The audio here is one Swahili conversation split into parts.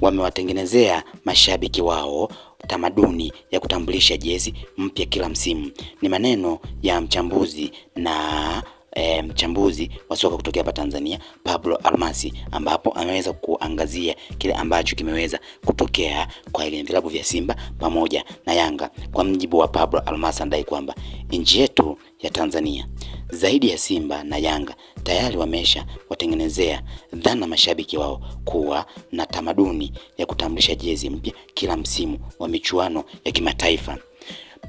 wamewatengenezea mashabiki wao tamaduni ya kutambulisha jezi mpya kila msimu. Ni maneno ya mchambuzi na E, mchambuzi wa soka kutokea hapa Tanzania Pablo Almasi, ambapo ameweza kuangazia kile ambacho kimeweza kutokea kwa ile vilabu vya Simba pamoja na Yanga. Kwa mjibu wa Pablo Almasi, anadai kwamba nchi yetu ya Tanzania zaidi ya Simba na Yanga tayari wamesha watengenezea dhana mashabiki wao kuwa na tamaduni ya kutambulisha jezi mpya kila msimu wa michuano ya kimataifa.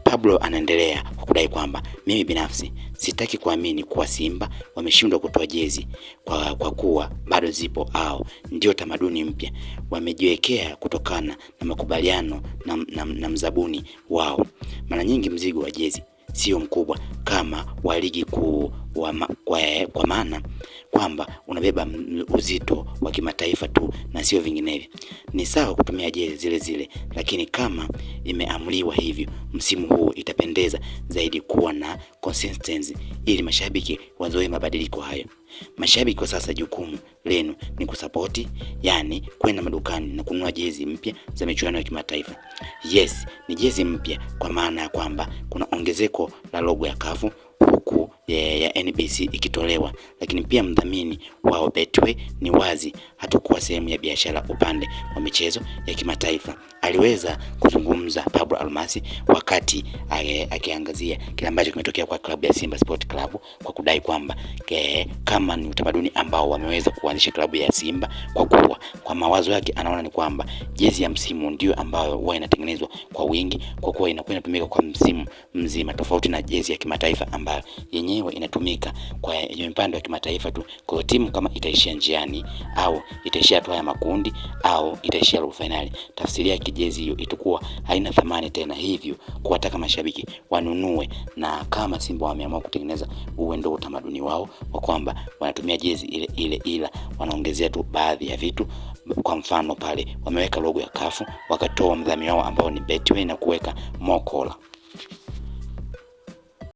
Pablo anaendelea kwa kudai kwamba mimi binafsi sitaki kuamini kuwa Simba wameshindwa kutoa jezi kwa, kwa kuwa bado zipo au ndio tamaduni mpya wamejiwekea kutokana na makubaliano na, na, na mzabuni wao. Mara nyingi mzigo wa jezi sio mkubwa kama wa ligi kuu ma, kwa, kwa maana kwamba unabeba uzito wa kimataifa tu na sio vinginevyo. Ni sawa kutumia jezi zile zile, lakini kama imeamriwa hivyo, msimu huu itapendeza zaidi kuwa na consistency, ili mashabiki wazoe mabadiliko hayo. Mashabiki kwa sasa, jukumu lenu ni kusapoti, yani kwenda madukani na kununua jezi mpya za michuano ya kimataifa. Yes, ni jezi mpya kwa maana ya kwamba kuna ongezeko la logo ya kafu ya NBC ikitolewa, lakini pia mdhamini wao Betway ni wazi hatakuwa sehemu ya biashara. Upande wa michezo ya kimataifa aliweza kuzungumza Pablo Almasi wakati eh, akiangazia kile ambacho kimetokea kwa klabu ya Simba Sport Club kwa kudai kwamba eh, kama ni utamaduni ambao wameweza kuanzisha klabu ya Simba kwa kuwa kwa mawazo yake anaona ni kwamba jezi ya msimu ndio ambayo huwa inatengenezwa kwa wingi, kwa kuwa inakuwa inatumika kwa msimu mzima, tofauti na jezi ya kimataifa ambayo yenyewe yenyewe inatumika kwa mpando wa kimataifa tu. Kwa hiyo timu kama itaishia njiani au itaishia hatua ya makundi au itaishia robo finali, tafsiri ya kijezi hiyo itakuwa haina thamani tena, hivyo kuwataka mashabiki wanunue. Na kama Simba wameamua kutengeneza uwe ndio utamaduni wao kwa kwamba wanatumia jezi ile ile, ila wanaongezea tu baadhi ya vitu. Kwa mfano pale wameweka logo ya kafu wakatoa mdhamini wao ambao ni Betway na kuweka Mokola.